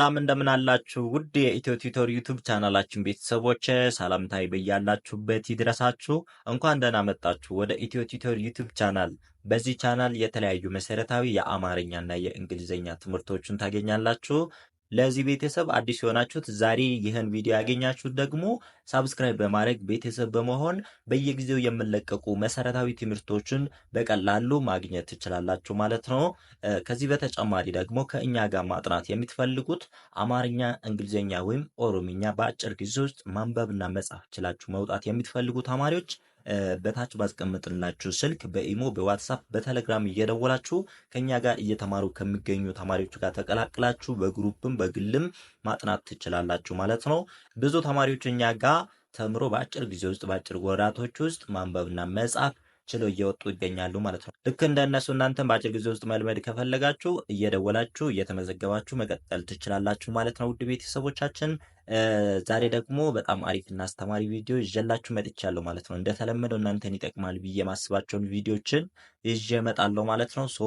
ሰላም እንደምን አላችሁ? ውድ የኢትዮ ቲዩቶር ዩቱብ ቻናላችን ቤተሰቦች ሰላምታዬ በያላችሁበት ይድረሳችሁ። እንኳን ደህና መጣችሁ ወደ ኢትዮ ቲዩቶር ዩቱብ ቻናል። በዚህ ቻናል የተለያዩ መሰረታዊ የአማርኛና የእንግሊዝኛ ትምህርቶችን ታገኛላችሁ። ለዚህ ቤተሰብ አዲስ የሆናችሁት ዛሬ ይህን ቪዲዮ ያገኛችሁት ደግሞ ሳብስክራይብ በማድረግ ቤተሰብ በመሆን በየጊዜው የምለቀቁ መሰረታዊ ትምህርቶችን በቀላሉ ማግኘት ትችላላችሁ ማለት ነው። ከዚህ በተጨማሪ ደግሞ ከእኛ ጋር ማጥናት የምትፈልጉት አማርኛ፣ እንግሊዝኛ ወይም ኦሮምኛ በአጭር ጊዜ ውስጥ ማንበብና መጻፍ ችላችሁ መውጣት የምትፈልጉ ተማሪዎች በታች ባስቀመጥንላችሁ ስልክ በኢሞ በዋትሳፕ በቴሌግራም እየደወላችሁ ከኛ ጋር እየተማሩ ከሚገኙ ተማሪዎች ጋር ተቀላቅላችሁ በግሩፕም በግልም ማጥናት ትችላላችሁ ማለት ነው። ብዙ ተማሪዎች እኛ ጋር ተምሮ በአጭር ጊዜ ውስጥ በአጭር ወራቶች ውስጥ ማንበብና መጻፍ ችለው እየወጡ ይገኛሉ ማለት ነው። ልክ እንደ እነሱ እናንተም በአጭር ጊዜ ውስጥ መልመድ ከፈለጋችሁ እየደወላችሁ እየተመዘገባችሁ መቀጠል ትችላላችሁ ማለት ነው። ውድ ቤተሰቦቻችን ዛሬ ደግሞ በጣም አሪፍና አስተማሪ ቪዲዮ ይዤላችሁ መጥቻለሁ ማለት ነው። እንደተለመደው እናንተን ይጠቅማል ብዬ ማስባቸውን ቪዲዮችን ይዤ እመጣለሁ ማለት ነው። ሶ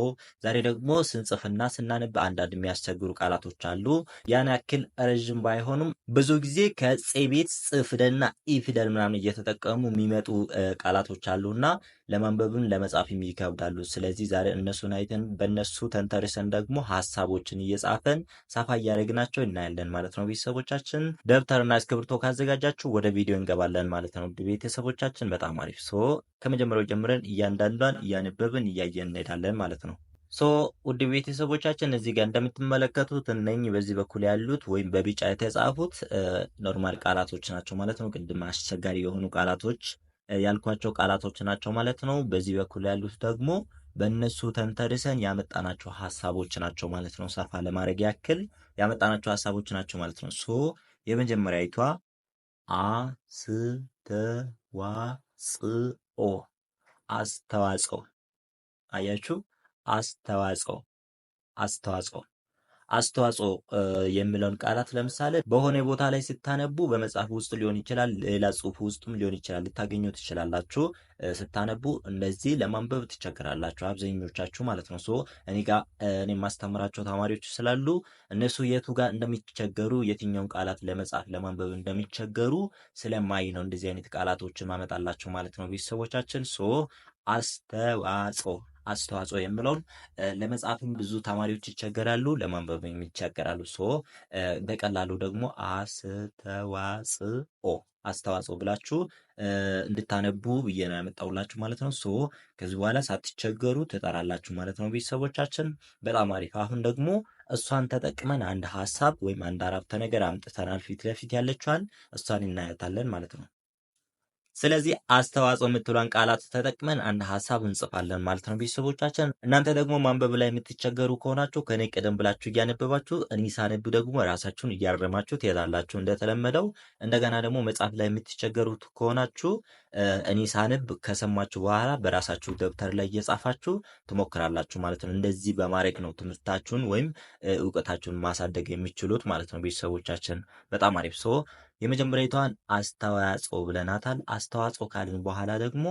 ዛሬ ደግሞ ስንጽፍና ስናንብ አንዳንድ የሚያስቸግሩ ቃላቶች አሉ። ያን ያክል ረዥም ባይሆኑም ብዙ ጊዜ ከጼ ቤት ፅ ፊደልና ኢ ፊደል ምናምን እየተጠቀሙ የሚመጡ ቃላቶች እና ለማንበብም ለመጻፍም ይከብዳሉ። ስለዚህ ዛሬ እነሱን አይተን በእነሱ ተንተርሰን ደግሞ ሀሳቦችን እየጻፈን ሰፋ እያደረግናቸው እናያለን ማለት ነው ቤተሰቦቻችን ደብተርና እስክሪብቶ ካዘጋጃችሁ ወደ ቪዲዮ እንገባለን ማለት ነው። ውድ ቤተሰቦቻችን በጣም አሪፍ ሶ ከመጀመሪያው ጀምረን እያንዳንዷን እያነበብን እያየን እንሄዳለን ማለት ነው። ሶ ውድ ቤተሰቦቻችን እዚህ ጋር እንደምትመለከቱት እነኝ በዚህ በኩል ያሉት ወይም በቢጫ የተጻፉት ኖርማል ቃላቶች ናቸው ማለት ነው። ቅድም አስቸጋሪ የሆኑ ቃላቶች ያልኳቸው ቃላቶች ናቸው ማለት ነው። በዚህ በኩል ያሉት ደግሞ በእነሱ ተንተርሰን ያመጣናቸው ሀሳቦች ናቸው ማለት ነው። ሰፋ ለማድረግ ያክል ያመጣናቸው ሀሳቦች ናቸው ማለት ነው። ሶ አ ጽ ኦ አስተዋጽኦ አያችሁ፣ አስተዋጽኦ አስተዋጽኦ አስተዋጽኦ የሚለውን ቃላት ለምሳሌ በሆነ ቦታ ላይ ስታነቡ በመጽሐፍ ውስጥ ሊሆን ይችላል፣ ሌላ ጽሁፍ ውስጥም ሊሆን ይችላል፣ ልታገኙ ትችላላችሁ። ስታነቡ እንደዚህ ለማንበብ ትቸገራላችሁ፣ አብዛኞቻችሁ ማለት ነው። ሶ እኔ ጋ እኔ የማስተምራቸው ተማሪዎች ስላሉ እነሱ የቱ ጋር እንደሚቸገሩ የትኛውን ቃላት ለመጻፍ ለማንበብ እንደሚቸገሩ ስለማይ ነው እንደዚህ አይነት ቃላቶችን ማመጣላችሁ ማለት ነው ቤተሰቦቻችን። ሶ አስተዋጽኦ አስተዋጽኦ የምለውን ለመጻፍም ብዙ ተማሪዎች ይቸገራሉ፣ ለማንበብ ይቸገራሉ። ሶ በቀላሉ ደግሞ አስተዋጽኦ አስተዋጽኦ ብላችሁ እንድታነቡ ብዬ ነው ያመጣውላችሁ ማለት ነው። ሶ ከዚህ በኋላ ሳትቸገሩ ትጠራላችሁ ማለት ነው። ቤተሰቦቻችን በጣም አሪፍ። አሁን ደግሞ እሷን ተጠቅመን አንድ ሀሳብ ወይም አንድ አረፍተ ነገር አምጥተናል። ፊት ለፊት ያለችዋን እሷን እናያታለን ማለት ነው። ስለዚህ አስተዋጽኦ የምትሏን ቃላት ተጠቅመን አንድ ሀሳብ እንጽፋለን ማለት ነው። ቤተሰቦቻችን እናንተ ደግሞ ማንበብ ላይ የምትቸገሩ ከሆናችሁ ከእኔ ቀደም ብላችሁ እያነበባችሁ እኔ ሳነብ ደግሞ ራሳችሁን እያረማችሁ ትሄዳላችሁ እንደተለመደው። እንደገና ደግሞ መጽሐፍ ላይ የምትቸገሩት ከሆናችሁ እኔ ሳነብ ከሰማችሁ በኋላ በራሳችሁ ደብተር ላይ እየጻፋችሁ ትሞክራላችሁ ማለት ነው። እንደዚህ በማድረግ ነው ትምህርታችሁን ወይም እውቀታችሁን ማሳደግ የሚችሉት ማለት ነው። ቤተሰቦቻችን በጣም አሪፍ ሰው የመጀመሪያዊቷን አስተዋጽኦ ብለናታል። አስተዋጽኦ ካልን በኋላ ደግሞ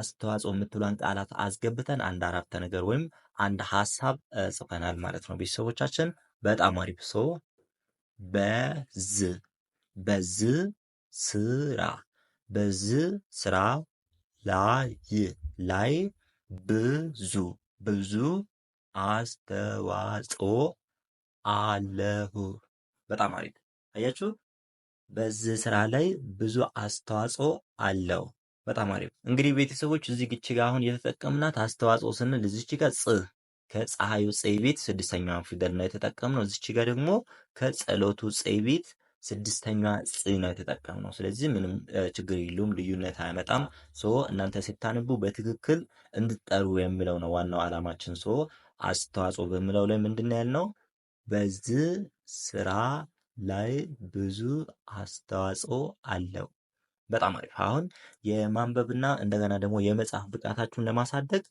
አስተዋጽኦ የምትሏን ቃላት አስገብተን አንድ አረፍተ ነገር ወይም አንድ ሀሳብ ጽፈናል ማለት ነው። ቤተሰቦቻችን በጣም አሪፍ ሰው በዝ በዝ ስራ በዝ ስራ ላይ ላይ ብዙ ብዙ አስተዋጽኦ አለሁ። በጣም አሪፍ አያችሁ። በዚህ ስራ ላይ ብዙ አስተዋጽኦ አለው። በጣም አሪፍ እንግዲህ ቤተሰቦች እዚህ ግች ጋር አሁን የተጠቀምናት አስተዋጽኦ ስንል እዚች ጋር ጽ ከፀሐዩ ጽይ ቤት ስድስተኛ ፊደል ነው የተጠቀምነው። እዚች ጋር ደግሞ ከጸሎቱ ጽይ ቤት ስድስተኛዋ ጽ ነው የተጠቀምነው። ስለዚህ ምንም ችግር የለውም፣ ልዩነት አያመጣም። ሶ እናንተ ስታንቡ በትክክል እንድትጠሩ የሚለው ነው ዋናው ዓላማችን። ሶ አስተዋጽኦ በሚለው ላይ ምንድን ነው ያልነው? በዚህ ስራ ላይ ብዙ አስተዋጽኦ አለው። በጣም አሪፍ። አሁን የማንበብና እንደገና ደግሞ የመጻፍ ብቃታችሁን ለማሳደግ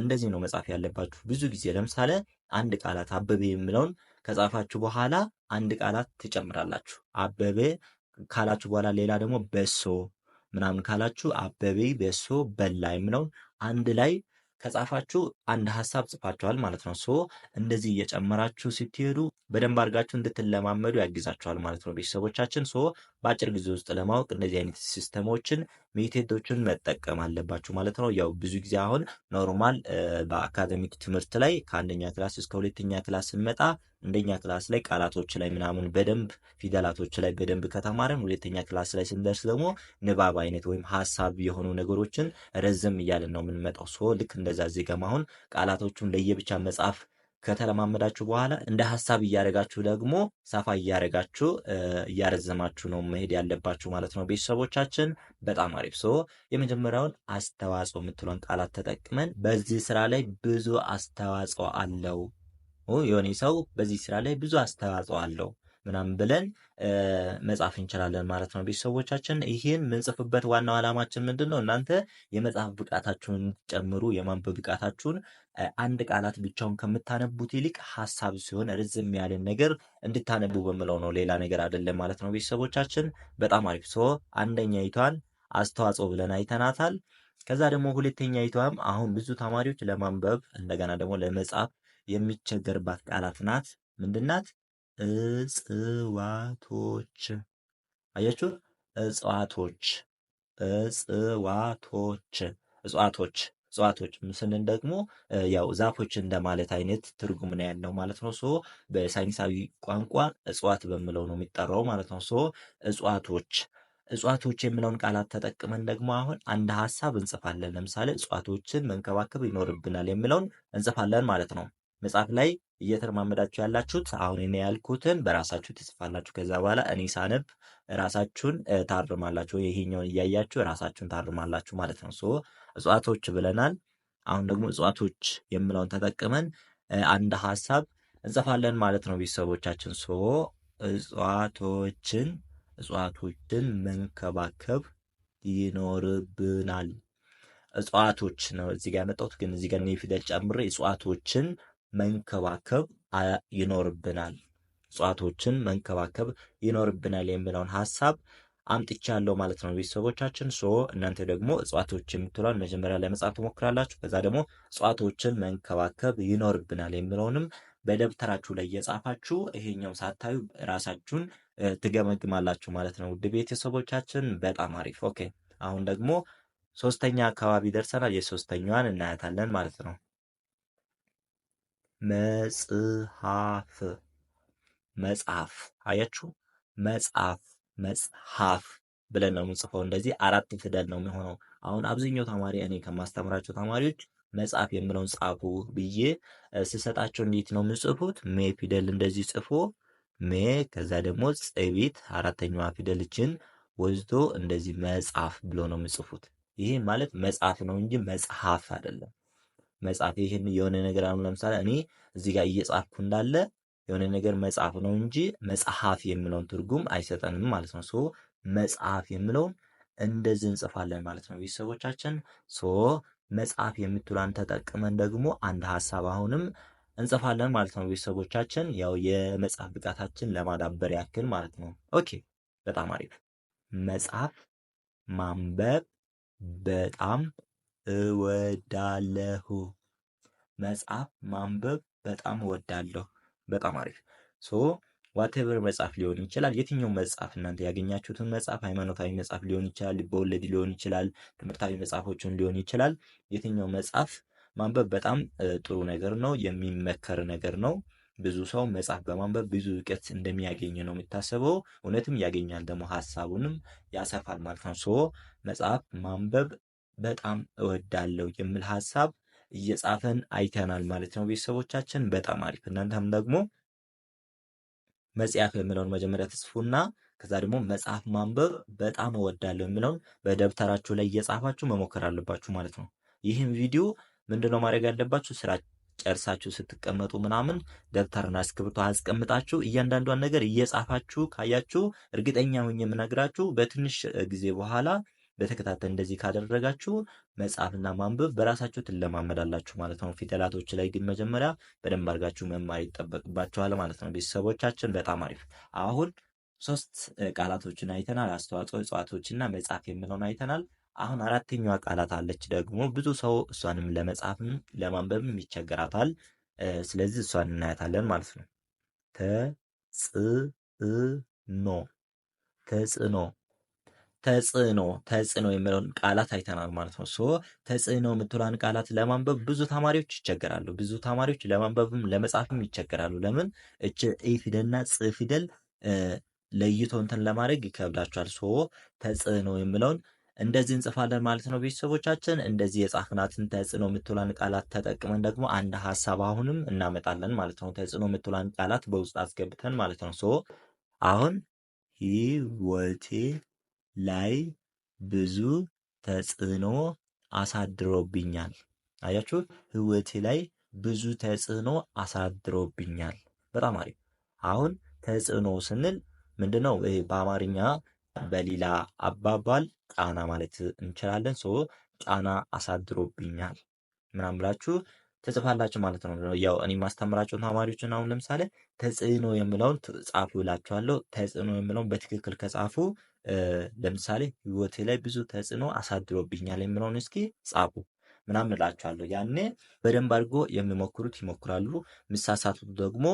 እንደዚህ ነው መጻፍ ያለባችሁ። ብዙ ጊዜ ለምሳሌ አንድ ቃላት አበበ የሚለውን ከጻፋችሁ በኋላ አንድ ቃላት ትጨምራላችሁ። አበበ ካላችሁ በኋላ ሌላ ደግሞ በሶ ምናምን ካላችሁ አበበ በሶ በላ የሚለውን አንድ ላይ ከጻፋችሁ አንድ ሀሳብ ጽፋችኋል ማለት ነው። ሶ እንደዚህ እየጨመራችሁ ስትሄዱ በደንብ አድርጋችሁ እንድትለማመዱ ያግዛችኋል ማለት ነው ቤተሰቦቻችን። ሶ በአጭር ጊዜ ውስጥ ለማወቅ እንደዚህ አይነት ሲስተሞችን ሜቴዶችን መጠቀም አለባችሁ ማለት ነው። ያው ብዙ ጊዜ አሁን ኖርማል በአካደሚክ ትምህርት ላይ ከአንደኛ ክላስ እስከ ሁለተኛ ክላስ ስንመጣ አንደኛ ክላስ ላይ ቃላቶች ላይ ምናምን በደንብ ፊደላቶች ላይ በደንብ ከተማረን ሁለተኛ ክላስ ላይ ስንደርስ ደግሞ ንባብ አይነት ወይም ሀሳብ የሆኑ ነገሮችን ረዘም እያለን ነው የምንመጣው። ሶ ልክ እንደዛ ዜጋም አሁን ቃላቶቹን ለየብቻ መጻፍ ከተለማመዳችሁ በኋላ እንደ ሀሳብ እያደረጋችሁ ደግሞ ሰፋ እያደረጋችሁ እያረዘማችሁ ነው መሄድ ያለባችሁ ማለት ነው። ቤተሰቦቻችን በጣም አሪፍ ሰው የመጀመሪያውን አስተዋጽኦ የምትለን ቃላት ተጠቅመን በዚህ ስራ ላይ ብዙ አስተዋጽኦ አለው፣ የሆነ ሰው በዚህ ስራ ላይ ብዙ አስተዋጽኦ አለው ምናምን ብለን መጻፍ እንችላለን ማለት ነው። ቤተሰቦቻችን ይህን የምንጽፍበት ዋናው ዓላማችን ምንድን ነው? እናንተ የመጽሐፍ ብቃታችሁን ጨምሩ። የማንበብ ብቃታችሁን አንድ ቃላት ብቻውን ከምታነቡት ይልቅ ሀሳብ ሲሆን ርዝም ያለን ነገር እንድታነቡ በምለው ነው። ሌላ ነገር አይደለም ማለት ነው። ቤተሰቦቻችን በጣም አሪፍ ሶ አንደኛ ይቷን አስተዋጽኦ ብለን አይተናታል። ከዛ ደግሞ ሁለተኛ ይቷም አሁን ብዙ ተማሪዎች ለማንበብ እንደገና ደግሞ ለመጻፍ የሚቸገርባት ቃላት ናት። ምንድናት? እጽዋቶች አያችሁ እጽዋቶች እጽዋቶች እጽዋቶች እጽዋቶች ስንል ደግሞ ያው ዛፎች እንደማለት አይነት ትርጉም ነው ያለው ማለት ነው። ሶ በሳይንሳዊ ቋንቋ እጽዋት በሚለው ነው የሚጠራው ማለት ነው። ሶ እጽዋቶች እጽዋቶች የሚለውን ቃላት ተጠቅመን ደግሞ አሁን አንድ ሀሳብ እንጽፋለን። ለምሳሌ እጽዋቶችን መንከባከብ ይኖርብናል የሚለውን እንጽፋለን ማለት ነው። መጽሐፍ ላይ እየተረማመዳችሁ ያላችሁት አሁን እኔ ያልኩትን በራሳችሁ ትጽፋላችሁ። ከዛ በኋላ እኔ ሳነብ ራሳችሁን ታርማላችሁ። ይሄኛውን እያያችሁ ራሳችሁን ታርማላችሁ ማለት ነው። ሶ እጽዋቶች ብለናል። አሁን ደግሞ እጽዋቶች የምለውን ተጠቅመን አንድ ሀሳብ እንጽፋለን ማለት ነው። ቤተሰቦቻችን ሶ እጽዋቶችን እጽዋቶችን መንከባከብ ይኖርብናል። እጽዋቶች ነው እዚህ ጋር ያመጣሁት፣ ግን እዚህ ጋር ፊደል ጨምሬ እጽዋቶችን መንከባከብ ይኖርብናል። እጽዋቶችን መንከባከብ ይኖርብናል የሚለውን ሀሳብ አምጥቻለሁ ማለት ነው ቤተሰቦቻችን። ሶ እናንተ ደግሞ እጽዋቶች የምትሏን መጀመሪያ ላይ ትሞክራላችሁ። ከዛ ደግሞ እጽዋቶችን መንከባከብ ይኖርብናል የሚለውንም በደብተራችሁ ላይ እየጻፋችሁ ይሄኛው ሳታዩ ራሳችሁን ትገመግማላችሁ ማለት ነው ውድ ቤተሰቦቻችን። በጣም አሪፍ ኦኬ። አሁን ደግሞ ሶስተኛ አካባቢ ደርሰናል። የሶስተኛዋን እናያታለን ማለት ነው። መጽሐፍ መጽሐፍ አያችሁ፣ መጽሐፍ መጽሐፍ ብለን ነው የምንጽፈው። እንደዚህ አራት ፊደል ነው የሚሆነው። አሁን አብዛኛው ተማሪ እኔ ከማስተምራቸው ተማሪዎች መጽሐፍ የምለውን ጻፉ ብዬ ስሰጣቸው እንዴት ነው የምጽፉት? ሜ ፊደል እንደዚህ ጽፎ ሜ፣ ከዛ ደግሞ ጽቢት አራተኛዋ ፊደልችን ወዝቶ እንደዚህ መጽሐፍ ብሎ ነው የምጽፉት። ይሄ ማለት መጽሐፍ ነው እንጂ መጽሐፍ አይደለም። መጻፍ ይህን የሆነ ነገር አሁን ለምሳሌ እኔ እዚህ ጋር እየጻፍኩ እንዳለ የሆነ ነገር መጻፍ ነው እንጂ መጽሐፍ የሚለውን ትርጉም አይሰጠንም ማለት ነው። ሶ መጽሐፍ የምለውን እንደዚህ እንጽፋለን ማለት ነው። ቤተሰቦቻችን ሶ መጽሐፍ የምትሏን ተጠቅመን ደግሞ አንድ ሀሳብ አሁንም እንጽፋለን ማለት ነው። ቤተሰቦቻችን ያው የመጽሐፍ ብቃታችን ለማዳበር ያክል ማለት ነው። ኦኬ በጣም አሪፍ። መጽሐፍ ማንበብ በጣም እወዳለሁ። መጽሐፍ ማንበብ በጣም እወዳለሁ። በጣም አሪፍ ሶ ዋቴቨር መጽሐፍ ሊሆን ይችላል። የትኛው መጽሐፍ እናንተ ያገኛችሁትን መጽሐፍ ሃይማኖታዊ መጽሐፍ ሊሆን ይችላል፣ ልቦለድ ሊሆን ይችላል፣ ትምህርታዊ መጽሐፎችን ሊሆን ይችላል። የትኛው መጽሐፍ ማንበብ በጣም ጥሩ ነገር ነው፣ የሚመከር ነገር ነው። ብዙ ሰው መጽሐፍ በማንበብ ብዙ እውቀት እንደሚያገኝ ነው የሚታሰበው። እውነትም ያገኛል ደግሞ ሀሳቡንም ያሰፋል ማለት ነው። ሶ መጽሐፍ ማንበብ በጣም እወዳለሁ የሚል ሀሳብ እየጻፈን አይተናል ማለት ነው። ቤተሰቦቻችን በጣም አሪፍ። እናንተም ደግሞ መጽሐፍ የሚለውን መጀመሪያ ትጽፉና ከዛ ደግሞ መጽሐፍ ማንበብ በጣም እወዳለሁ የሚለውን በደብተራችሁ ላይ እየጻፋችሁ መሞከር አለባችሁ ማለት ነው። ይህም ቪዲዮ ምንድነው ማድረግ ያለባችሁ ስራ ጨርሳችሁ ስትቀመጡ ምናምን ደብተርና እስክሪብቶ አስቀምጣችሁ እያንዳንዷን ነገር እየጻፋችሁ ካያችሁ እርግጠኛ ሆኜ የምነግራችሁ በትንሽ ጊዜ በኋላ በተከታታይ እንደዚህ ካደረጋችሁ መጻፍና ማንበብ በራሳችሁ ትለማመዳላችሁ ማለት ነው። ፊደላቶች ላይ ግን መጀመሪያ በደንብ አድርጋችሁ መማር ይጠበቅባችኋል ማለት ነው። ቤተሰቦቻችን በጣም አሪፍ። አሁን ሶስት ቃላቶችን አይተናል። አስተዋጽኦ፣ እጽዋቶችና መጽሐፍ የምለውን አይተናል። አሁን አራተኛዋ ቃላት አለች ደግሞ ብዙ ሰው እሷንም ለመጻፍም ለማንበብም ይቸገራታል። ስለዚህ እሷን እናያታለን ማለት ነው። ተጽዕኖ ተጽዕኖ ተጽዕኖ ተጽዕኖ የሚለውን ቃላት አይተናል ማለት ነው። ሶ ተጽዕኖ የምትሏን ቃላት ለማንበብ ብዙ ተማሪዎች ይቸገራሉ። ብዙ ተማሪዎች ለማንበብም ለመጻፍም ይቸገራሉ። ለምን እች ኤ ፊደልና ጽ ፊደል ለይቶ እንትን ለማድረግ ይከብዳቸዋል። ሶ ተጽዕኖ የምለውን እንደዚህ እንጽፋለን ማለት ነው። ቤተሰቦቻችን እንደዚህ የጻፍናትን ተጽዕኖ የምትሏን ቃላት ተጠቅመን ደግሞ አንድ ሀሳብ አሁንም እናመጣለን ማለት ነው። ተጽዕኖ የምትሏን ቃላት በውስጥ አስገብተን ማለት ነው። ሶ አሁን ህይወቴ ላይ ብዙ ተጽዕኖ አሳድሮብኛል። አያችሁ፣ ህይወቴ ላይ ብዙ ተጽዕኖ አሳድሮብኛል። በጣም አሪፍ። አሁን ተጽዕኖ ስንል ምንድን ነው? ይሄ በአማርኛ በሌላ አባባል ጫና ማለት እንችላለን። ሶ ጫና አሳድሮብኛል ምናምን ብላችሁ ትጽፋላችሁ ማለት ነው። ያው እኔ ማስተምራቸው ተማሪዎችን አሁን ለምሳሌ ተጽዕኖ የምለውን ጻፉ እላችኋለሁ። ተጽዕኖ የምለውን በትክክል ከጻፉ ለምሳሌ ህይወቴ ላይ ብዙ ተጽዕኖ አሳድሮብኛል የምለውን እስኪ ጻፉ ምናምን እላችኋለሁ። ያኔ በደንብ አድርጎ የሚሞክሩት ይሞክራሉ። የሚሳሳቱት ደግሞ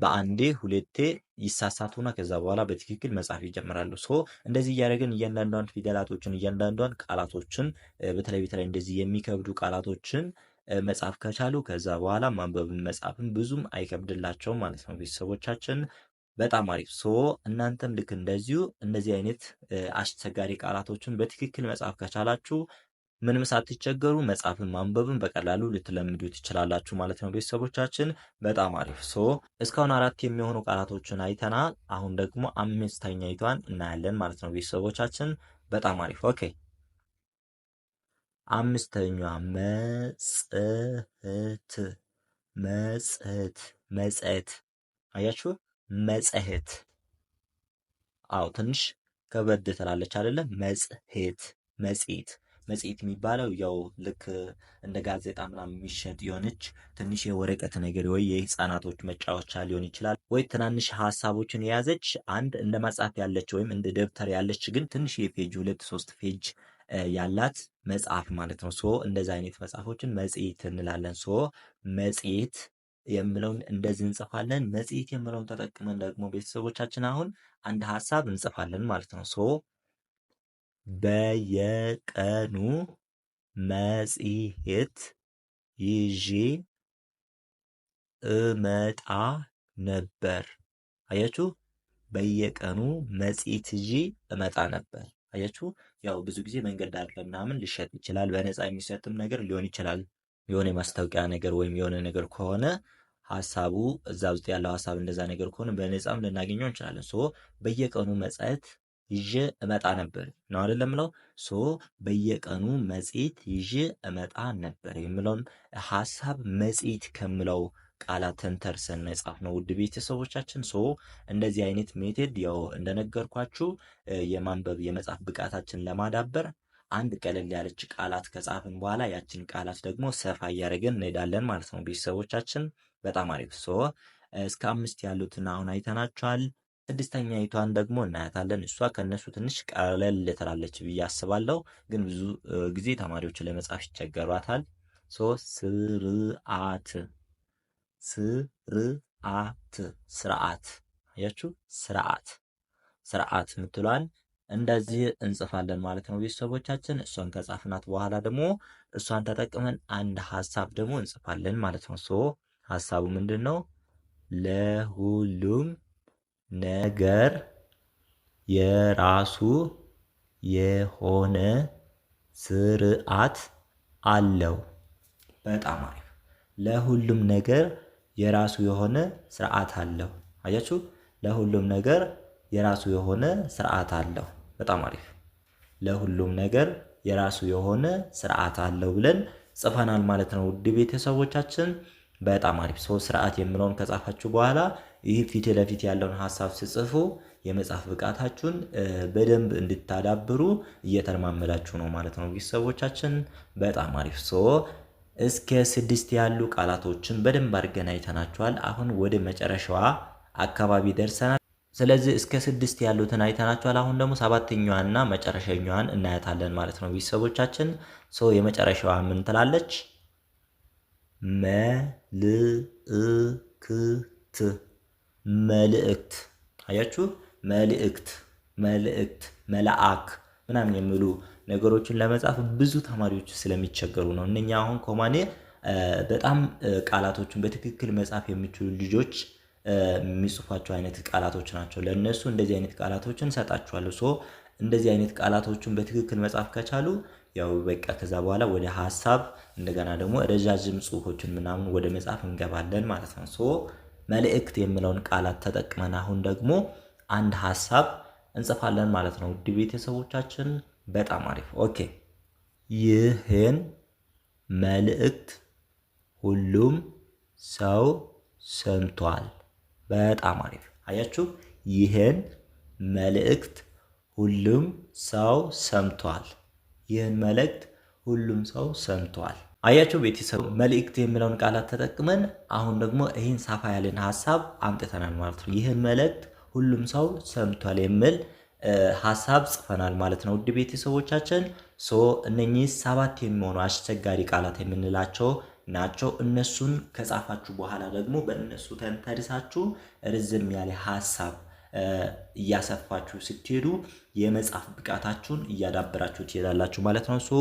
በአንዴ ሁለቴ ይሳሳቱና ከዛ በኋላ በትክክል መጻፍ ይጀምራሉ። ሶ እንደዚህ እያደረግን እያንዳንዷን ፊደላቶችን እያንዳንዷን ቃላቶችን በተለይ በተለይ እንደዚህ የሚከብዱ ቃላቶችን መጻፍ ከቻሉ ከዛ በኋላ ማንበብን መጻፍን ብዙም አይከብድላቸውም ማለት ነው ቤተሰቦቻችን በጣም አሪፍ ሶ እናንተም ልክ እንደዚሁ እንደዚህ አይነት አስቸጋሪ ቃላቶችን በትክክል መጻፍ ከቻላችሁ ምንም ሳትቸገሩ መጻፍን ማንበብን በቀላሉ ልትለምዱ ትችላላችሁ ማለት ነው። ቤተሰቦቻችን በጣም አሪፍ ሶ እስካሁን አራት የሚሆኑ ቃላቶችን አይተናል። አሁን ደግሞ አምስተኛይቷን እናያለን ማለት ነው። ቤተሰቦቻችን በጣም አሪፍ ኦኬ። አምስተኛዋ መጽህት መጽህት መጽህት አያችሁ መጽሔት አዎ ትንሽ ከበድ ትላለች አይደለ? መጽሔት መጽሔት መጽሔት የሚባለው ያው ልክ እንደ ጋዜጣ ምናምን የሚሸጥ የሆነች ትንሽ የወረቀት ነገር ወይ የህፃናቶች መጫወቻ ሊሆን ይችላል፣ ወይ ትናንሽ ሀሳቦችን የያዘች አንድ እንደ መጽሐፍ ያለች ወይም እንደ ደብተር ያለች ግን ትንሽ የፔጅ ሁለት ሶስት ፔጅ ያላት መጽሐፍ ማለት ነው። ሶ እንደዚህ አይነት መጽሐፎችን መጽሔት እንላለን። ሶ መጽሔት የምለውን እንደዚህ እንጽፋለን። መጽሔት የምለውን ተጠቅመን ደግሞ ቤተሰቦቻችን አሁን አንድ ሀሳብ እንጽፋለን ማለት ነው። ሶ በየቀኑ መጽሔት ይዤ እመጣ ነበር። አያችሁ፣ በየቀኑ መጽሔት ይዤ እመጣ ነበር። አያችሁ፣ ያው ብዙ ጊዜ መንገድ ዳር ምናምን ሊሸጥ ይችላል። በነፃ የሚሰጥም ነገር ሊሆን ይችላል። የሆነ የማስታወቂያ ነገር ወይም የሆነ ነገር ከሆነ ሀሳቡ እዛ ውስጥ ያለው ሀሳብ እንደዛ ነገር ከሆነ በነፃም ልናገኘው እንችላለን። ሶ በየቀኑ መጽሔት ይዤ እመጣ ነበር ነው አይደል የምለው። ሶ በየቀኑ መጽሔት ይዤ እመጣ ነበር የምለውም ሀሳብ መጽሔት ከምለው ቃላት ተንተርሰን መጻፍ ነው። ውድ ቤተሰቦቻችን ሶ እንደዚህ አይነት ሜቴድ ያው እንደነገርኳችሁ የማንበብ የመጻፍ ብቃታችን ለማዳበር አንድ ቀለል ያለች ቃላት ከጻፍን በኋላ ያችን ቃላት ደግሞ ሰፋ እያደረግን እንሄዳለን ማለት ነው ቤተሰቦቻችን። በጣም አሪፍ ሶ እስከ አምስት ያሉትን አሁን አይተናቸዋል። ስድስተኛ ይቷን ደግሞ እናያታለን። እሷ ከእነሱ ትንሽ ቀለል ትላለች ብዬ አስባለሁ፣ ግን ብዙ ጊዜ ተማሪዎች ለመጻፍ ይቸገሯታል። ሶ ስርአት ስርአት ስርዓት አያችሁ፣ ስርአት ስርአት ምትሏን እንደዚህ እንጽፋለን ማለት ነው ቤተሰቦቻችን። እሷን ከጻፍናት በኋላ ደግሞ እሷን ተጠቅመን አንድ ሀሳብ ደግሞ እንጽፋለን ማለት ነው ሶ ሐሳቡ ምንድን ነው? ለሁሉም ነገር የራሱ የሆነ ስርዓት አለው። በጣም አሪፍ። ለሁሉም ነገር የራሱ የሆነ ስርዓት አለው። አያችሁ፣ ለሁሉም ነገር የራሱ የሆነ ስርዓት አለው። በጣም አሪፍ። ለሁሉም ነገር የራሱ የሆነ ስርዓት አለው ብለን ጽፈናል ማለት ነው ውድ ቤተሰቦቻችን። በጣም አሪፍ ሶስት ስርዓት የምለውን ከጻፋችሁ በኋላ ይህ ፊት ለፊት ያለውን ሀሳብ ስጽፉ የመጻፍ ብቃታችሁን በደንብ እንድታዳብሩ እየተለማመዳችሁ ነው ማለት ነው። ቤተሰቦቻችን በጣም አሪፍ ሶ እስከ ስድስት ያሉ ቃላቶችን በደንብ አድርገን አይተናቸዋል። አሁን ወደ መጨረሻዋ አካባቢ ደርሰናል። ስለዚህ እስከ ስድስት ያሉትን አይተናቸዋል። አሁን ደግሞ ሰባተኛዋንና መጨረሻኛዋን እናያታለን ማለት ነው። ቤተሰቦቻችን ሶ የመጨረሻዋ ምን ትላለች? መልእክት መልእክት አያችሁ መልእክት መልእክት መልአክ ምናምን የሚሉ ነገሮችን ለመጻፍ ብዙ ተማሪዎች ስለሚቸገሩ ነው። እነኛ አሁን ኮማኔ በጣም ቃላቶችን በትክክል መጻፍ የሚችሉ ልጆች የሚጽፏቸው አይነት ቃላቶች ናቸው። ለእነሱ እንደዚህ አይነት ቃላቶችን እሰጣችኋለሁ። ሶ እንደዚህ አይነት ቃላቶችን በትክክል መጻፍ ከቻሉ ያው በቃ ከዛ በኋላ ወደ ሀሳብ እንደገና ደግሞ ረዣዥም ጽሁፎችን ምናምን ወደ መጽሐፍ እንገባለን ማለት ነው። ሶ መልእክት የሚለውን ቃላት ተጠቅመን አሁን ደግሞ አንድ ሀሳብ እንጽፋለን ማለት ነው። ውድ ቤተሰቦቻችን በጣም አሪፍ ኦኬ። ይህን መልእክት ሁሉም ሰው ሰምቷል። በጣም አሪፍ አያችሁ። ይህን መልእክት ሁሉም ሰው ሰምቷል። ይህን መልእክት ሁሉም ሰው ሰምቷል። አያቸው ቤተሰብ መልእክት የሚለውን ቃላት ተጠቅመን አሁን ደግሞ ይህን ሰፋ ያለን ሀሳብ አምጥተናል ማለት ነው። ይህን መልእክት ሁሉም ሰው ሰምቷል የሚል ሀሳብ ጽፈናል ማለት ነው። ውድ ቤተሰቦቻችን ሶ እነኚህ ሰባት የሚሆኑ አስቸጋሪ ቃላት የምንላቸው ናቸው። እነሱን ከጻፋችሁ በኋላ ደግሞ በእነሱ ተንተርሳችሁ ርዝም ያለ ሀሳብ እያሰፋችሁ ስትሄዱ የመጻፍ ብቃታችሁን እያዳበራችሁ ትሄዳላችሁ ማለት ነው። ሶ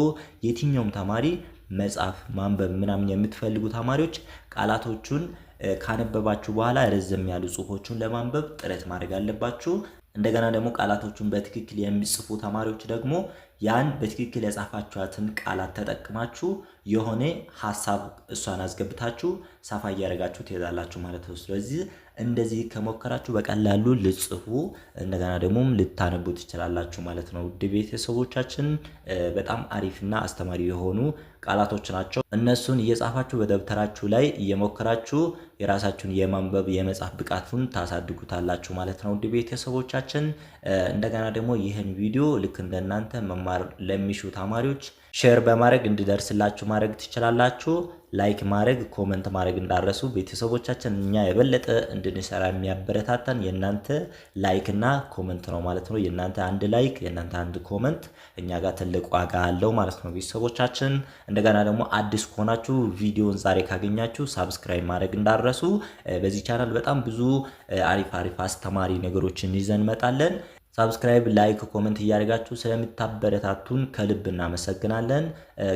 የትኛውም ተማሪ መጻፍ ማንበብ ምናምን የምትፈልጉ ተማሪዎች ቃላቶቹን ካነበባችሁ በኋላ ረዘም ያሉ ጽሁፎቹን ለማንበብ ጥረት ማድረግ አለባችሁ። እንደገና ደግሞ ቃላቶቹን በትክክል የሚጽፉ ተማሪዎች ደግሞ ያን በትክክል የጻፋችኋትን ቃላት ተጠቅማችሁ የሆነ ሀሳብ እሷን አስገብታችሁ ሰፋ እያደረጋችሁ ትሄዳላችሁ ማለት ነው። ስለዚህ እንደዚህ ከሞከራችሁ በቀላሉ ልጽፉ እንደገና ደግሞ ልታነቡ ትችላላችሁ ማለት ነው። ውድ ቤተሰቦቻችን በጣም አሪፍና አስተማሪ የሆኑ ቃላቶች ናቸው። እነሱን እየጻፋችሁ በደብተራችሁ ላይ እየሞከራችሁ የራሳችሁን የማንበብ የመጻፍ ብቃቱን ታሳድጉታላችሁ ማለት ነው። ውድ ቤተሰቦቻችን እንደገና ደግሞ ይህን ቪዲዮ ልክ እንደናንተ መማር ለሚሹ ተማሪዎች ሼር በማድረግ እንዲደርስላችሁ ማድረግ ትችላላችሁ። ላይክ ማድረግ ኮመንት ማድረግ እንዳረሱ ቤተሰቦቻችን እኛ የበለጠ እንድንሰራ የሚያበረታታን የእናንተ ላይክ እና ኮመንት ነው ማለት ነው። የእናንተ አንድ ላይክ፣ የእናንተ አንድ ኮመንት እኛ ጋር ትልቅ ዋጋ አለው ማለት ነው። ቤተሰቦቻችን እንደገና ደግሞ አዲስ ከሆናችሁ ቪዲዮን ዛሬ ካገኛችሁ ሳብስክራይብ ማድረግ እንዳረሱ። በዚህ ቻናል በጣም ብዙ አሪፍ አሪፍ አስተማሪ ነገሮችን ይዘን እንመጣለን። ሳብስክራይብ፣ ላይክ፣ ኮመንት እያደረጋችሁ ስለምታበረታቱን ከልብ እናመሰግናለን።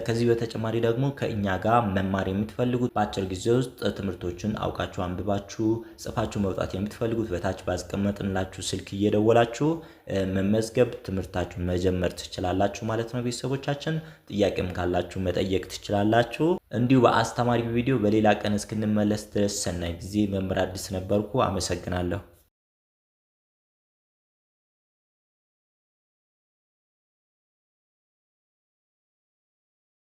ከዚህ በተጨማሪ ደግሞ ከእኛ ጋር መማር የምትፈልጉት በአጭር ጊዜ ውስጥ ትምህርቶችን አውቃችሁ አንብባችሁ ጽፋችሁ መውጣት የምትፈልጉት በታች ባስቀመጥንላችሁ ስልክ እየደወላችሁ መመዝገብ ትምህርታችሁን መጀመር ትችላላችሁ ማለት ነው። ቤተሰቦቻችን ጥያቄም ካላችሁ መጠየቅ ትችላላችሁ። እንዲሁ በአስተማሪ ቪዲዮ በሌላ ቀን እስክንመለስ ድረስ ሰናይ ጊዜ። መምህር አዲስ ነበርኩ። አመሰግናለሁ።